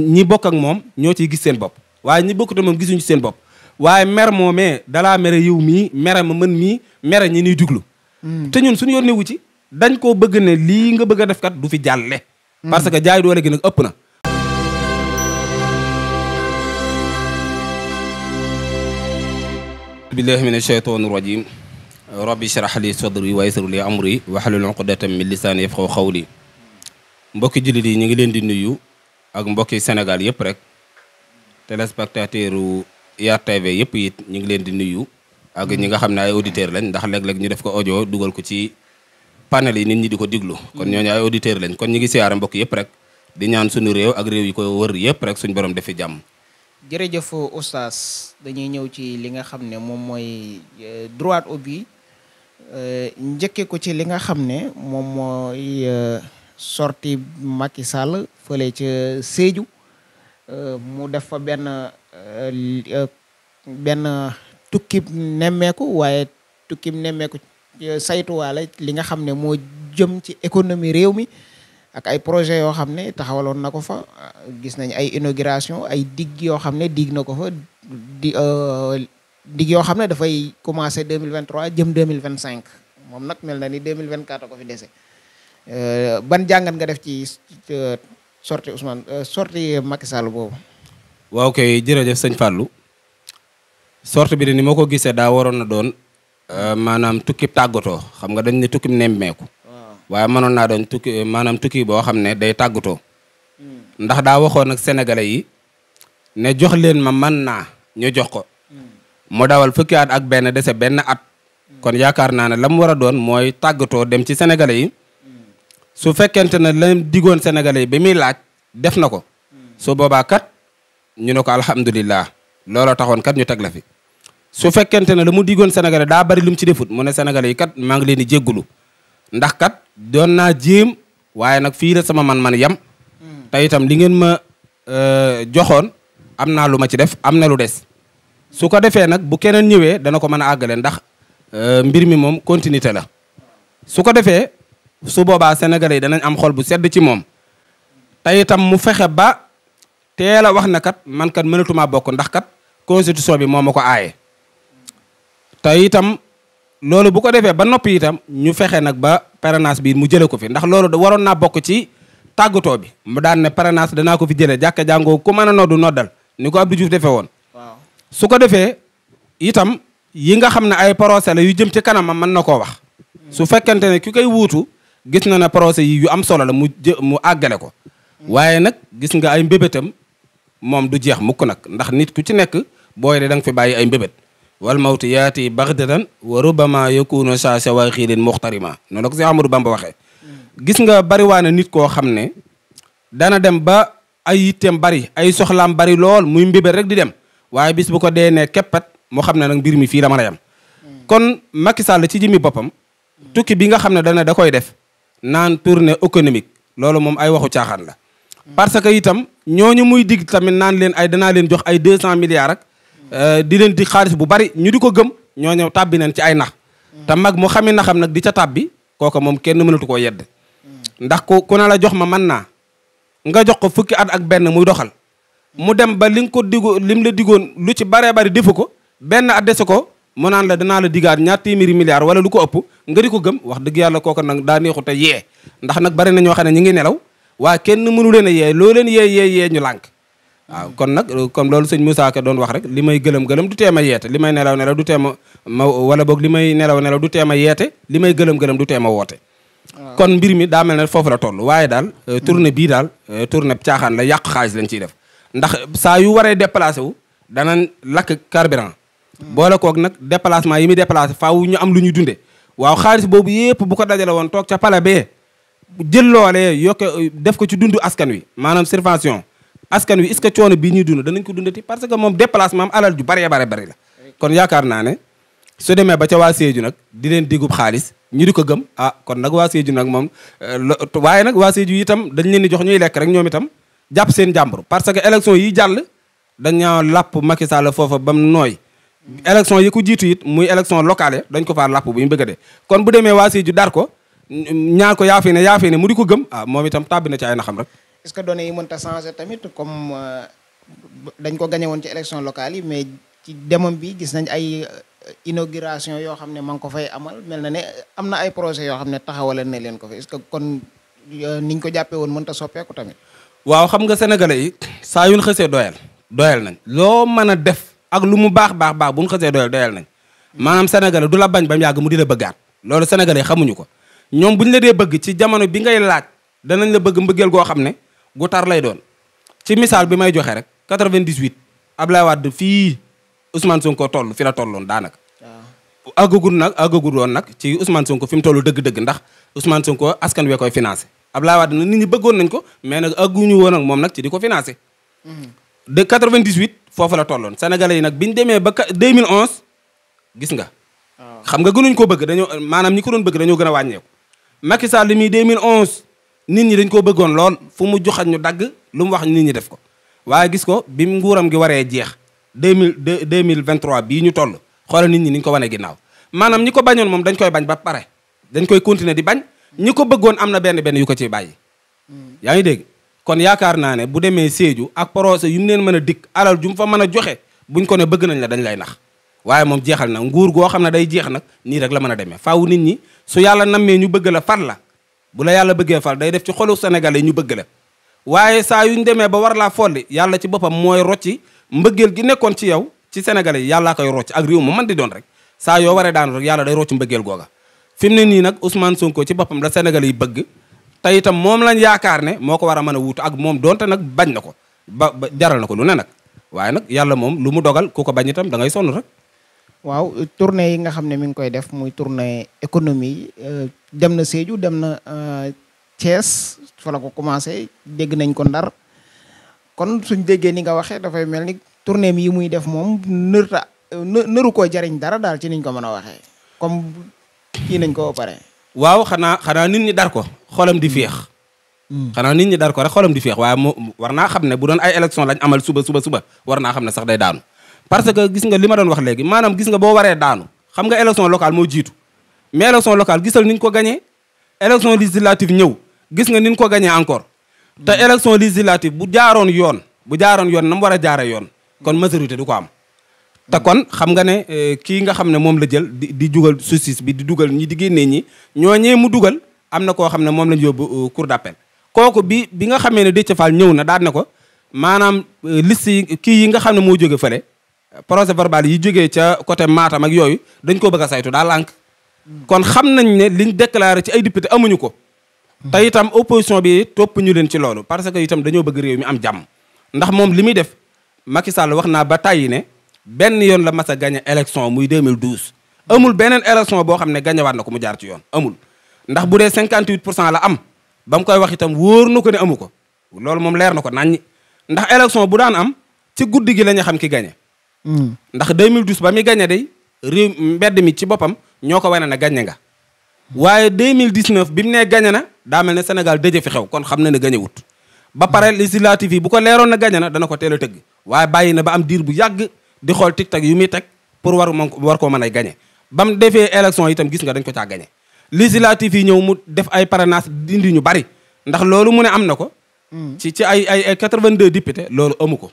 ñi bokk ak moom ñoo ciy gis seen bopp waaye ñi bokkut ak moom gisuñu seen bopp waaye mer moomee dalaa mere yiw mii mere ma mën mii mere ñi nuy duglu hmm. te ñun suñu yoon newu ci dañ koo bëgg ne lii nga bëgg a def kat du fi jàlle hmm. parce que jaay doole gi nag ëpp na billahi min ashaytan rajim rabbi shrah li sadri wa yassir li amri wahlul uqdatan min lisani yafqahu qawli mbokki jullit yi ñu ngi leen di nuyu ak mbokki Sénégal yëpp rek téléspectateur u IYAT TV yëpp it ñu ngi leen di nuyu ak ñi nga xam ne ay auditeurs lañ ndax léeg-léeg ñu def ko audio dugal ko ci panel yi nit ñi di ko diglu kon ñooñu ay auditeurs lañ kon ñu ngi siyaara mbokk yëpp rek di ñaan suñu réew ak réew yi koy wër yëpp rek suñu borom defi jàmm jërëjëf oustaz dañuy ñëw ci li nga xam ne moom mooy euh, droit au but euh, njëkkee ko ci li nga xam ne moom mooy euh, sorti Macky Sall fële ca Sédhiou euh, mu def fa benn euh, euh, benn tukki nemmeeku waaye tukki nemmeeku saytuwaale li nga xam ne moo jëm ci économie réew mi ak ay projet yoo xam ne taxawaloon na ko fa gis nañ ay inauguration ay digg yoo xam ne digg na ko fa di digg yoo xam ne dafay commencer 2023 jëm cinq moom nag mel na ni 2024 a ko fi dese Euh, ban jàngat nga def ci euh, sortie Ousmane euh, sorti Macky Sall boobu. waaw kay jërëjëf sëñ Fallou sortie bi de ni ma ko gisee daa waroon na doon maanaam tukki tàggatoo xam nga dañ ne tukki nemmeeku. Ah. waaye mënoon naa doon tukki maanaam tukki boo xam ne day tàggatoo. Hmm. ndax daa waxoon ak sénégalais yi ne jox leen ma man naa ñu jox ko. moo hmm. dawal fukki at ak benn dese benn at. Hmm. kon yaakaar naa ne la mu war a doon mooy tàggatoo dem ci sénégalais yi. su fekkente ne lam digoon sénégalais bi muy laaj def na ko su boobaa kat ñu ne ko alhamdulillah looloo taxoon kat ñu teg la fi su fekkente ne la mu digoon sénégalais daa bari lu mu ci defut mu ne kat maa ngi leen di ndax kat doon naa jéem waaye nag fii la sama man-man yem te itam li ngeen ma euh, joxoon am naa lu ma ci def am na lu des su ko defee nag bu keneen ñëwee dana ko mën a àggale ndax euh, mbir mi moom continuité la defee su boobaa sénégalais yi danañ am xol bu sedd ci moom te itam mu fexe ba teel a wax na kat man kat mënatumaa bokk ndax kat constitution bi moo ma ko aaye te itam loolu bu ko defee ba noppi itam ñu fexe nag ba parrainage bi mu jële ko fi ndax loolu waroon naa bokk ci tàggatoo bi mu daan ne parrainage danaa ko fi jële jàkka jàngoo ku mën a noddu noddal ni ko Abdou Diouf defee woon su ko defee itam yi nga xam ne ay procès la yu jëm ci kanamam mën na koo wax su gis na ne procès yu am solo la mu mu àggale ko waaye nag gis nga ay mbébétam moom du jeex mukk nag ndax nit ku ci nekk booy da nga fi bàyyi ay mbébét wal mawtu yaati baxdatan wa rubama yakunu saa sawaxiilin muxtarima noonu la ko si Amadou Bamba waxee gis nga bariwaane nit koo xam ne dana dem ba ay yitteem bari ay soxlaam bari lool muy mbébét rek di dem waaye bis bu ko dee ne keppat mu xam ne nag mbir mi fii la mën a yem hmm. kon Macky Sall ci jëmmi boppam tukki bi nga xam ne dana da koy def naan tournée économique loolu moom ay waxu caaxaan la. parce que itam ñooñu muy digg tamit naan leen ay danaa leen jox ay deux cent milliards ak. Euh, di leen di xaalis bu bari ñu di ko gëm ñooñu tàbbi nañ ci ay nax. te mag mu xamee xam nag di ca tàbbi kooka moom kenn mënatu koo yedd. ndax ku ku la jox ma man naa nga jox ko fukki at ak benn muy doxal. mu dem ba li ko digoo lim la digoon lu ci baree bari defu ko benn a dese ko mu naan la danaa la digaat ñaar téeméeri milliards wala lu ko ëpp nga ko gëm wax dëgg yàlla ko nag daa neexu te yee ndax nag bari na ñoo xam ne ñu ngi nelaw waaye kenn mënu leen a yee loo leen yee yee yee ñu lànk waaw kon nag comme loolu sëñ Moussa Ka doon wax rek li may gëlëm-gëlëm du teema yeete li may nelaw nelaw du teema ma wala boog li may nelaw nelaw du teema yeete li may gëlëm-gëlëm du teema woote kon mbir mi daa mel ne foofu la toll waaye daal euh, tournée bii daal euh, tournée caaxaan la yàq xaalis lañ ciy def ndax saa yu waree déplacé wu danañ lakk carburant boole koog nag déplacement yi muy déplacé faaw ñu am lu ñuy dunde waaw xaalis boobu yëpp bu ko dajale woon toog ca pale bee jël loole yokke def ko ci dundu askan wi maanaam subvention askan wi est-ce que coono bii ñuy dund danañ ko ti parce que moom déplacement am alal ju bare bare bari la kon yaakaar naa ne su demee ba ca waa seeju nag di leen digub xaalis ñu di ko gëm ah kon nag waa Sédhiou nag moom euh, waaye nag waa Sédhiou itam dañ leen di jox ñuy lekk rek ñoom itam jàpp seen jàmbur parce que élection yi jàll dañoo làpp Macky Sall foofa bam nooy élection yi ko jiitu it muy élection locale dañ ko faa làpp bu ñu bëgg a kon bu demee waa Sédhiou dar ko ñaan ko yaafee ne yaafee ne mu di ko gëm ah, moom itam tàbbi na ci ay naxam rek est-ce que données yi mënta changer tamit comme euh, dañ ko gañe woon ci élection locale yi mais ci demam bi gis nañ ay euh, inauguration yoo xam ne ma ngi ko fay amal mel na ne euh, am na ay projet yoo xam ne taxawale na leen ko fi est-ce que kon niñ ko jàppee woon mën ta soppeeku tamit waaw xam nga sénégalais saa yuñ xësee doyal doyal nañ ak lu mu baax baax baax bu ñu xasee doyal doyal nañ maanaam sénégalais du la bañ ba mu yàgg mu di la bëggaat loolu sénégalais xamuñu ko ñoom bu ñu la dee bëgg ci jamono bi ngay laaj danañ la bëgg mbëggeel goo xam ne gu tar lay doon ci misaal bi may joxe rek 98 Abdoulaye Wade fii Ousmane Sonko toll fi la tolloon daanaka àggagul nag àggagul woon nag ci Ousmane Sonko fi mu toll dëgg-dëgg ndax Ousmane Sonko askan wee koy financé Abdoulaye Wade na nit ñi bëggoon nañ ko mais nag àgguñu woon ak moom nag ci di ko financé mm-hmm. de 98 foofu la tolloon sénégalais yi nag bi ñu demee ba 2011 gis nga. xam nga gënuñ ko bëgg dañoo maanaam ñi ko doon bëgg dañoo gën a wàññeeku. Macky Sall li muy 2011 nit ñi dañ ko bëggoon lool fu mu joxañ ñu dagg lu mu wax nit ñi def ko waaye gis ko bi mu nguuram gi waree jeex deux mille deux mille vingt trois bii ñu toll xoola nit ñi ni ñu ko wane ginnaaw maanaam ñi ko bañoon moom dañ koy bañ ba pare dañ koy continuer di bañ ñi ko bëggoon am na benn benn yu ko ciy bàyyi hmm. yaa ngi dégg. kon yaakaar naa ne bu demee Sédhiou ak procès yu mu leen mën a dikk alal ju mu fa mën a joxe buñ ko ne bëgg nañ la dañ lay nax waaye moom jeexal na nguur goo xam ne day jeex nag nii rek la mën a demee faaw nit ñi su yàlla nammee ñu bëgg la fal la bu la yàlla bëggee fal day def ci xolu Sénégal yi ñu bëgg la waaye saa yu ñu demee ba war laa folli yàlla ci boppam mooy rocci mbëggeel gi nekkoon ci yow ci senegal yi yàllaa koy rocc ak réew mu mën di doon rek saa yoo waree daanu rek yàlla day rocc mbëggeel googa fi mu ne nii nag Ousmane ci boppam la Sénégal yi bëgg te itam moom lañ yaakaar ne moo ko war a mën a wuutu ak moom donte nag bañ na ko ba jaral na ko lu ne nag waaye nag yàlla moom lu mu dogal ku ko bañ itam da ngay sonn rek. waaw tournée yi nga xam ne mi ngi koy def muy tournée économie euh, dem na seeju dem na euh, Thiès fa la ko commencé dégg nañ ko Ndar kon suñ déggee ni nga waxee dafay mel ni tournée mi yi muy def moom nërta nëru koo jariñ dara daal ci niñ ko mën a waxee comme kii nañ ko ba pare. waaw xanaa xanaa nit ñi dar ko xolam di féex hmm. Hmm. xanaa nit ñi dar ko xolam di féex waaye moo war naa xam ne bu doon ay élection lañ amal suba suba suba war naa xam ne sax day daanu parce que gis nga li ma doon wax léegi maanaam gis nga boo waree daanu xam nga élection locale moo jiitu mais élection local gisal ni ñu ko gañee élection législative ñëw gis nga ni ñu ko gañee encore te hmm. élection législative bu jaaroon yoon bu jaaroon yoon na mu war a jaare yoon kon majorité du ko am te kon xam nga ne euh, kii nga xam ne moom la jël di di dugal justice di dugal ñi di génnee ñi ñooñee mu dugal am na koo xam ne moom lañ yóbbu euh, cour d'appel kooku bi bi nga xamee ne Déthié ñëw na daan na ko maanaam euh, liste yi kii yi nga xam ne moo jóge fële procès verbal yi jógee ca côté Matam ak yooyu dañ ko bëgg a saytu daa lànk hmm. kon xam nañ ne liñ déclaré ci ay député amuñu ko hmm. te itam opposition bi topp ñu leen ci loolu parce que itam dañoo bëgg réew mi am jàmm ndax moom li muy def Macky Sall wax naa ba tàyyi ne benn yoon la mas a muy élection muy 2012 amul beneen élection boo xam ne gagnéwaat na ko mu jaar ci yoon amul ndax bu dee 58 pour cent la am ba mu koy wax itam wóor na ko ne amu ko loolu moom leer na ko naññi ndax élection bu daan am ci guddi gi lañuy xam ki gagné. Hmm. ndax 2012 ba muy gagné day réew mbedd mi ci boppam ñoo ko wane ne gagné nga. waaye 2019 bi mu nee gagné na daa mel ne Sénégal dëjë fi xew kon xam ne ne gagné ba pare législative yi bu ko leeroon na gagné na dana ko teel a tëgg waaye bàyyi na ba am bu yàgg. di xool tiktak yu muy teg pour war moom war koo mën a gañe ba mu defee élection itam gis nga dañ ko caa gañe législative ñëw mu def ay parrainage dindi ñu bari ndax loolu mu ne am na ko hmm. ci ci ay ay ay 82 députés loolu amu ko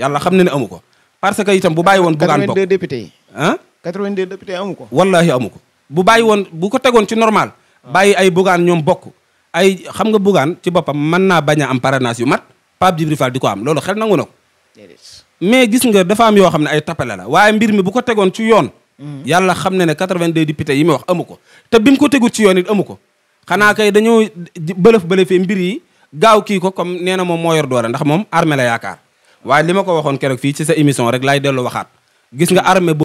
yàlla xam na ne amu ko parce que itam bu bàyyi woon bugaan bokk 82 députés yi ah 82 amu ko wallaahi amu ko bu bàyyi woon bu ko tegoon ci normal ah. bàyyi ay bugaan ñoom bokk ay xam nga bugaan ci boppam mën naa bañ a am parrainage yu mat Pape Djibril di ko am loolu xel nangu na ko mais gis nga dafa am yoo xam ne ay tappale la waaye mbir mi bu ko tegoon ci yoon yàlla xam ne ne 82 députés yi muy wax amu ko te bi mu ko tegut ci yoon it amu ko xanaa kay dañoo bëlëf bëlëfee mbir yi gaaw kii ko comme nee na moom moo yor doole ndax moom armée la yaakaar waaye li ma ko waxoon keroog fii ci sa émission rek laay dellu waxaat gis nga armée bu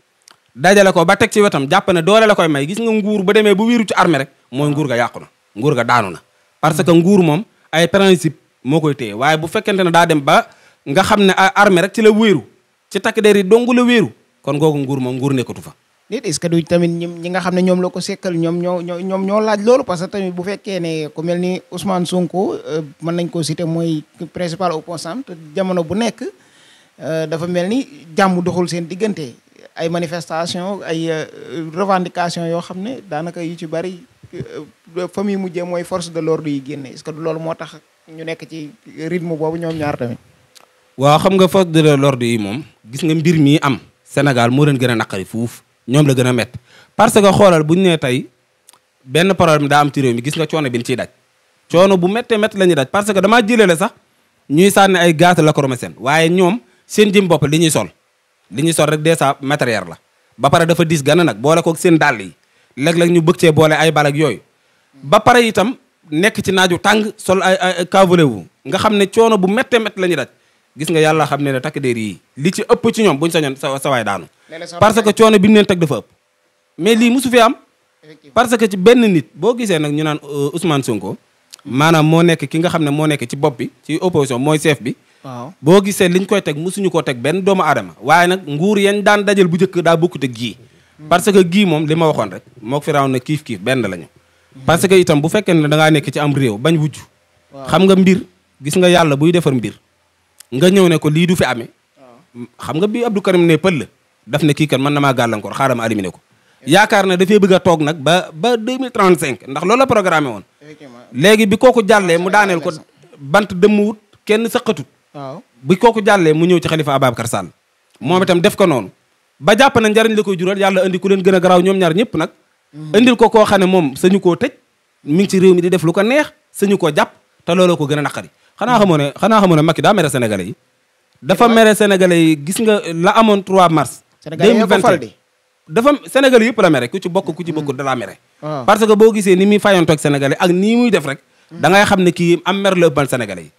dajale ko ba teg ci wetam jàpp ne doole la koy may gis nga nguur ba demee bu wiiru ci armée rek mooy nguur ga yàqu na nguur ga daanu na parce moom ay principe moo koy daa dem ba nga xam ne armée rek ci la wéeru ci takk der yi dong wéeru kon googu nguur nguur nekkatu fa. nit tamit ñi nga xam ne ñoom la ko sekkal ñoom ñoo ñoom ñoo laaj loolu parce que tamit bu fekkee ne ku mel ni Ousmane Sonko euh, mën nañ koo citer mooy principal opposant te jamono bu nekk euh, dafa mel ni jàmm doxul seen diggante ay manifestation ay euh, revendication yoo xam ne daanaka yu ci bari fa muy mujjee mooy force de l'ordre yi génne est-ce loolu moo tax ñu nekk ci rythme boobu ñoom ñaar tamit. waaw xam nga force de l'ordre yi moom gis nga mbir mii am Sénégal moo leen gën a naqari foofu ñoom la gën a métti parce que xoolal bu ñu nee tey benn problème daa am ci réew mi gis nga coono bi ñu ciy daj coono bu méttee métti la ñuy daj parce que damaa jëlee la sax ñuy sànni ay gaz lacrymogène waaye ñoom seen jëm bopp sol li ñuy sol rek dèjà matériel la ba pare dafa diis gana nag boole koog seen dàll yi léeg-léeg ñu bëgg cee ay balak yooyu ba pare itam nekk ci naaju tàng sol ay ay wu nga xam ne coono bu méttee métti la ñuy daj gis nga yàlla xam ne ne takk déer yi li ci ëpp ci ñoom buñ sañoon sa sawaay daanu parce que coono bi mu leen teg dafa ëpp mais lii musu fi am parce que ci benn nit boo gisee nag ñu naan euh, Ousmane Sonko maanaam moo nekk ki nga xam ne moo nekk ci bopp bi ci opposition mooy chef bi waaw boo gisee liñ koy teg musuñu koo teg benn doomu aadama waaye nag nguur yañ daan dajal bu njëkk daa bokkut ak gii parce que gii moom li ma waxoon rek moo fi raw na kiif kiif benn lañu parce que itam bu fekkee ne da nekk ci am réew bañ wujj xam nga mbir gis nga yàlla buy defar mbir nga ñëw ne ko lii du fi amee ah. xam nga bi Abdou Karim ne pël daf ne kii kan mën na maa gàllankoor xaaral ma ne ko yaakaar ne dafay bëgg a toog nag ba ba 2035 ndax loolu la programmé woon léegi bi kooku jàllee mu daaneel ko bant dëmm wut kenn sëqatut bi kooku jàllee mu ñëw ci Khalifa Ababacar Sall moom itam def ko noonu ba jàpp na njariñ la koy jural yàlla indi ku leen gën a garaaw ñoom ñaar ñëpp nag hmm. indil ko koo xam ne moom sañu koo tëj mi ngi ci réew mi di def lu ko neex sañu koo jàpp te looloo ko gën a naqari xanaa xamoo ne xanaa xamoo ne Macky daa mere sénégalais yi. dafa mere sénégalais yi gis nga la amoon 3 mars. sénégalais yi ko fal di dafa sénégalais yëpp la mere ku ci bokk ku ci mm. bokkul da laa mere. Ah. parce que boo gisee ni muy fayantoog sénégalais ak nii muy def rek. Mm. da xam ne kii am mer la ëppal sénégalais yi.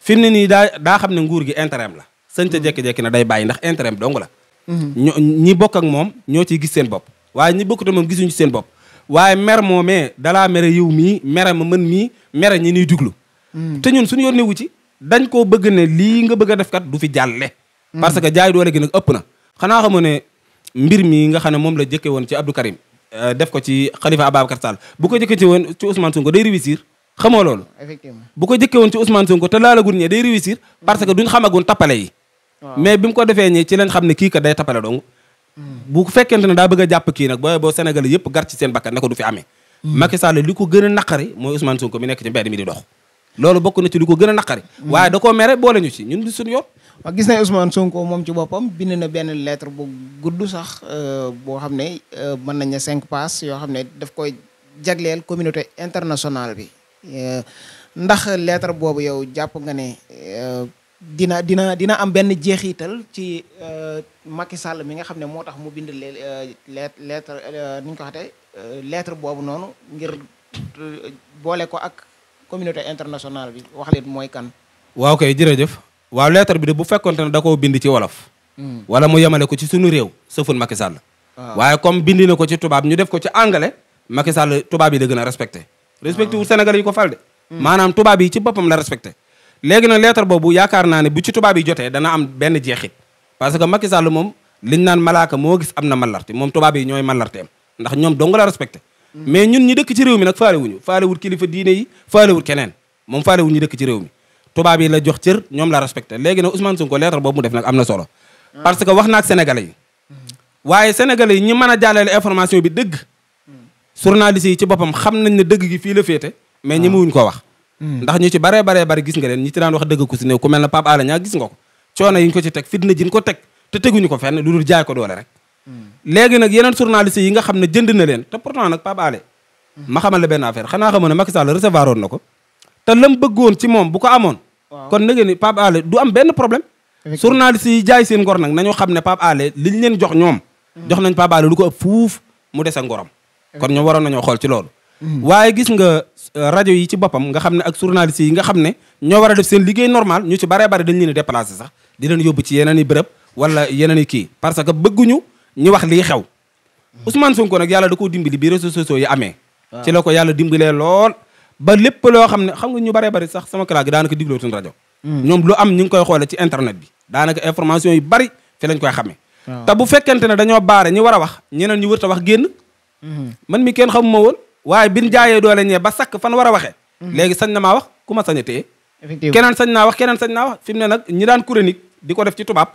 fi mu ne nii daa daa xam ne nguur gi intérêt la. sëñ ca mm. jékki na day bàyyi ndax intérêt dong la. Mm-hmm. ñi bokk ak moom ñoo ciy gis seen bopp. waaye ñi bokkut ak moom gisuñu seen bopp. waaye mer moomee dalaa mere yow mii mere ma mën mii mere ñi ñuy duglu Mm. te ñun suñu yónnee wu ci dañ koo bëgg ne lii nga bëgg a def kat du fi jàlle mm. parce que jaay doole gi nag ëpp na xanaa xamoo ne mbir mi nga xam ne moom la jëkke woon ci Abdou Karim euh, def ko ci Khalifa Ababacar Sall bu ko jëkke woon ci Ousmane Sonko day réussir xamoo bu ko jëkke woon ci Ousmane Sonko te laalagun ñee day réussir parce que duñ xamagoon tappale yi mais bi ko defee ñi ci lañ xam ne kii kat day tappale dong mm. bu fekkente ne daa bëgg a jàpp kii nag booy boo Sénégal yëpp gar ci seen bakkan ne ko du fi amee Macky Sall li ko gën a naqari loolu bokk na ci lu ko gën a naqari mm. waaye da koo mere boole ñu ci ñun di suñu yoon waaw gis nañ Ousmane Sonko moom ci boppam bind na benn lettre bu gudd sax euh, boo xam ne euh, mën nañ ne cinq pages yoo xam ne daf koy jagleel communauté internationale bi euh, ndax lettre boobu yow jàpp nga ne dina dina dina am benn jeexiital ci Macky Sall mi nga xam ne moo tax mu bind lettre lettre ni ñu ko waxatee lettre boobu noonu ngir boole ko ak communauté internationale bi wax leen mooy kan. waaw kay jërëjëf waaw lettre bi de bu fekkonte ne da koo bind ci wolof. Hmm. wala mu yemale ko ci suñu réew sëfun Macky Sall. Ah. waaye comme bindi na ko ci tubaab ñu def ko ci anglais Macky Sall tubaab yi da gën a respecté. respecté ah. wu Sénégal yi ko fal de. Hmm. maanaam tubaab yi ci boppam la respecté. léegi na lettre boobu yaakaar naa ne bu ci tubaab yi jotee dana am benn jeexit parce que Macky Sall moom liñ naan malaaka moo gis am na malarti moom tubaab yi ñooy malarteem ndax ñoom dong la respecté. mais ñun ñi dëkk ci réew mi nag faalewuñu faalewul kilifa diine yi faalewul keneen moom faalewul ñi dëkk ci réew mi tubaab yi la jox cër ñoom la respecté léegi nag Ousmane Sonko leetar boobu mu def nag am na solo ah. parce que wax na ak sénégalais yi hmm. waaye sénégalais yi ñi mën a jàllale information bi dëgg hmm. journalistes yi ci boppam xam nañ ne dëgg gi fii la féete mais ñi ah. muwuñ ko wax hmm. ndax ñu ci baree baree bari gis nga leen ñi ci daan wax dëgg ku si néew ku mel ne Pape Alé Niang gis nga ko coono yiñ ko ci teg fitna jiñ ko teg te teguñu ko fenn lu dul jaay doole rek léegi nag yeneen journaliste yi nga xam ne jënd na leen te pourtant nag Pape Alé ma xamal la benn affaire xanaa xamoon ne Macky Sall recevoir woon na ko te lam bëggoon ci moom bu ko amoon kon nag ni Pape Alé du am benn problème journaliste yi jaay seen ngor nag nañu xam ne Pape Alé liñ leen jox ñoom jox nañ Pape Alé lu ko ëpp mu dese ngorom kon ñoom waroon nañoo xool ci loolu hmm. waaye gis nga euh, rajo yi ci boppam nga xam ne ak journaliste yi nga xam ne ñoo war a seen liggéey normal ñu ci baree bari dañ leen di déplacé sax di leen yóbbu ci yeneen i bërëb wala yeneen i kii parce que bëgguñu ñu wax lii xew Ousmane Sonko nag yàlla da koo dimbali bi réseaux sociaux yi amee ah. ci la ko yàlla dimbalee lool ba lépp loo xam ne xam nga ñu bare bari sax sama classe daanaka daanaka diglootuñ rajo hmm. ñoom lu am ñu ngi koy xoole ci internet bi daanaka information yi bari fi lañ koy xamee ah. te bu fekkente ne dañoo baare ñi war a wax ñeneen ñu wër ta wax génn hmm. man mi kenn xamuma woon waaye bin jaayee doole ñee ba sakk fan war a waxee hmm. léegi sañ na wax ku ma sañ a téye sañ naa wax keneen sañ naa fi mu ne nag ñi daan chronique di ko def ci tubaab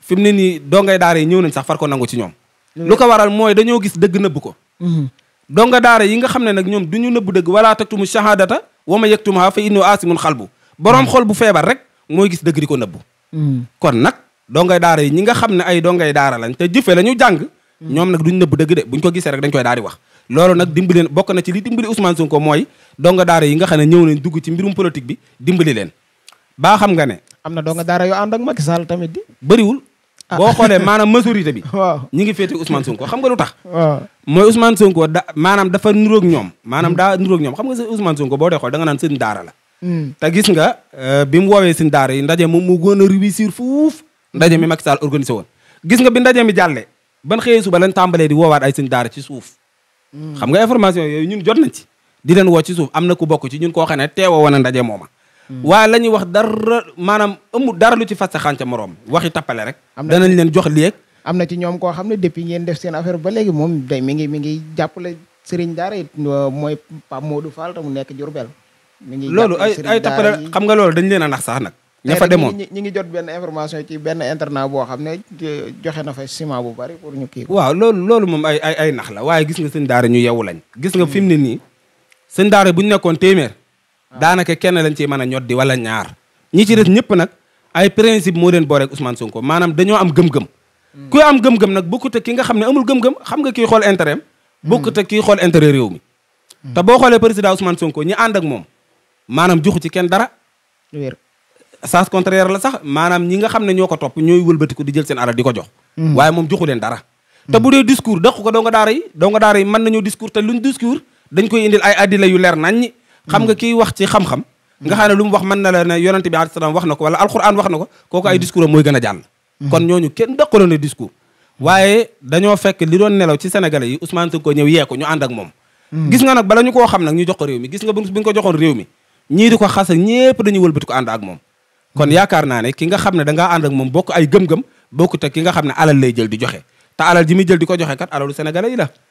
fi mu ne nii donga daara yi ñëw nañ sax far ko nangu ci ñoom lu ko waral mooy dañoo gis dëgg nëbb ko mhm. donga daara yi nga xam ne ñoom du ñu nëbb dëgg wala taktumu shahadata ma yaktumha fa innahu aasimun xalbu boroom mhm. xol bu feebar rek mooy gis dëgg ko nëbb mhm. kon nag dongay daara yi ñi nga xam ne ay dongay daara lañ te jëfe la ñu jàng ñoom nag duñ nëbb dëgg de buñ ko gisee rek dañ koy daal di wax loolu nag dimbali bokk na ci li dimbali Ousmane ko mooy donga daara yi nga xam ne ñëw nañ dugg ci mbirum politique bi dimbali leen baa xam nga ne am na doonga daara yoo ànd ak Macky Sall tamit di bëriwul ah. boo xoolee maanaam majorité bi waaw ñi ngi féete Ousmane Sonko xam nga lu tax waaw mooy Ousmane Sonko da maanaam dafa nuróog ñoom maanaam mm. daa nuróog ñoom xam nga Ousmane Sonko boo dee xool da nga naan seen daarala la mm. te gis nga euh, bi mu woowee seen daara yi ndaje moom mu gën a réussir fuuf ndaje mi mm. Macky Sall organisé woon gis nga bi ndaje mi jàllee ban xëyee suba lañ tàmbalee di woowaat ay seen daara ci suuf xam nga information yooyu ñun jot nañ ci di leen woo ci suuf am na ku bokk ci ñun koo xam ne teewoo woon ndaje mooma waaye la ñuy wax dara maanaam ëmmu dara lu ci fas sa xànca moroom waxi tappale rek danañ leen jox lii am na ci ñoom koo xam ne depuis ngeen def seen affaire ba léegi moom day mi ngi mi ngi jàppale sëriñ daara it mooy Pape Modou Fall mu nekk Jurbel mi ngi loolu ay ay tappale xam nga loolu dañ leen a nax sax nag ña fa demoon ñi ngi jot benn information ci benn internat boo xam ne eh, joxe na fa ciment bu bari pour ñu kii waaw loolu loolu moom ay ay nax la waaye gis nga seen daara ñu yewu lañ gis nga fi mu ne nii sëñ daara bu ñu nekkoon téeméer daanaka kenn lañ ciy mën a ñoddi wala ñaar ñi ci des ñëpp nag ay principe moo leen boole ak Ousmane Sonko maanaam dañoo am gëm-gëm hmm. kuy am gëm-gëm nag bokkut ak ki nga xam ne amul gëm-gëm xam nga ki xool intérêt am hmm. bokkut ak kii xool intérêt réew mi hmm. te boo xoolee président Ousmane Sonko ñi ànd ak moom maanaam juxu ci kenn dara wér sens contraire la sax maanaam ñi nga xam ne ñoo ko topp ñooy wëlbatiku di jël seen alal di ko jox waaye moom joxu leen dara te bu dee ko doo nga daara yi doo nga daara yi mën nañoo discours te luñ discours dañ koy indil ay addila yu xam nga kiy wax ci xam-xam nga xam ne lu mu wax mën na la ne yonente bi alayhi salaam wax na ko wala alquran wax na ko kooku ay discours am mooy gën a jàll kon ñooñu kenn dëqaloon ne discours waaye dañoo fekk li doon nelaw ci sénégalais yi Ousmane Sonko ñëw yee ko ñu moom gis nga nag bala ñu koo xam nag ñu jox ko réew mi gis nga bu ko joxoon réew mi ñii di ko xas ko ànd ak moom kon yaakaar naa ne ki nga xam ne dangaa ànd ak moom bokk ay gëm-gëm bokku te ki nga xam ne alal lay jël di joxe te alal ji muy jël di ko joxe kat alalu sénégalais yi la